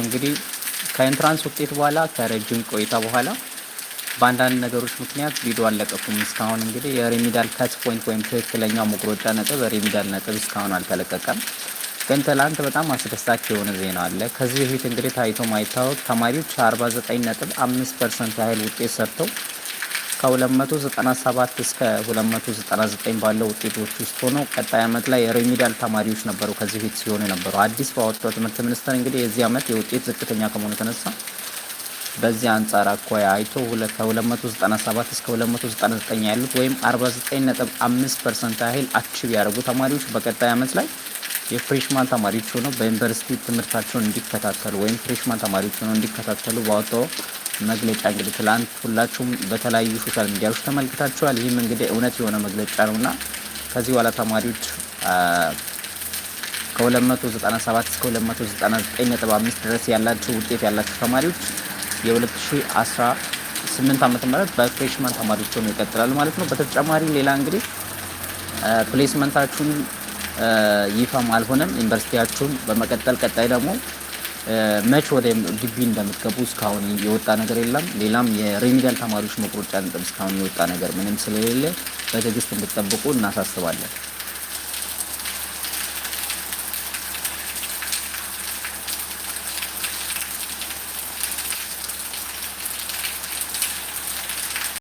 ናቸው። እንግዲህ ከኢንትራንስ ውጤት በኋላ ከረጅም ቆይታ በኋላ በአንዳንድ ነገሮች ምክንያት ቪዲዮ አልለቀኩም እስካሁን። እንግዲህ የሪሚዳል ከት ፖይንት ወይም ትክክለኛ መቁረጫ ነጥብ ሪሚዳል ነጥብ እስካሁን አልተለቀቀም። ግን ትላንት በጣም አስደሳች የሆነ ዜና አለ። ከዚህ በፊት እንግዲህ ታይቶ ማይታወቅ ተማሪዎች 49 ነጥብ 5 ፐርሰንት ያህል ውጤት ሰርተው እስከ 297 እስከ 299 ባለው ውጤቶች ውስጥ ሆነው ቀጣይ ዓመት ላይ ሬሚዲያል ተማሪዎች ነበሩ ከዚህ ፊት ሲሆኑ የነበሩ። አዲስ ባወጣው ትምህርት ሚኒስቴር እንግዲህ የዚህ ዓመት የውጤት ዝቅተኛ ከመሆኑ የተነሳ በዚህ አንጻር አኳያ አይቶ ከ297 እስከ 299 ያሉት ወይም 49.5 ፐርሰንት ያህል አችብ ያደረጉ ተማሪዎች በቀጣይ ዓመት ላይ የፍሬሽማን ተማሪዎች ሆነው በዩኒቨርሲቲ ትምህርታቸውን እንዲከታተሉ ወይም ፍሬሽማን ተማሪዎች ሆነው እንዲከታተሉ ባወጣው መግለጫ እንግዲህ ትላንት ሁላችሁም በተለያዩ ሶሻል ሚዲያዎች ተመልክታችኋል። ይህም እንግዲህ እውነት የሆነ መግለጫ ነውና ከዚህ በኋላ ተማሪዎች ከ297 እስከ 299.5 ድረስ ያላቸው ውጤት ያላቸው ተማሪዎች የ2018 ዓመተ ምህረት በፍሬሽማን ተማሪዎች ሆኖ ይቀጥላሉ ማለት ነው። በተጨማሪ ሌላ እንግዲህ ፕሌስመንታችሁን ይፋም አልሆነም ዩኒቨርሲቲያችሁን በመቀጠል ቀጣይ ደግሞ መች ወደ ግቢ እንደምትገቡ እስካሁን የወጣ ነገር የለም። ሌላም የሬሚዲያል ተማሪዎች መቁረጫ ነጥብ እስካሁን የወጣ ነገር ምንም ስለሌለ በትዕግስት እንድትጠብቁ እናሳስባለን።